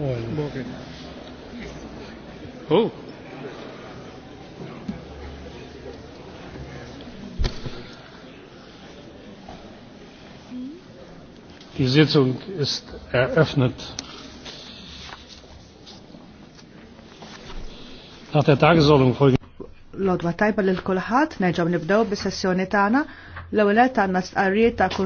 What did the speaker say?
Oh. Die Sitzung ist eröffnet. Nach der Tagesordnung folgen. Lodwa tajba lil kulħat neġab nibdew bis-sessjoni tagħna. L-ewwel qed għandna stqarrijiet ta'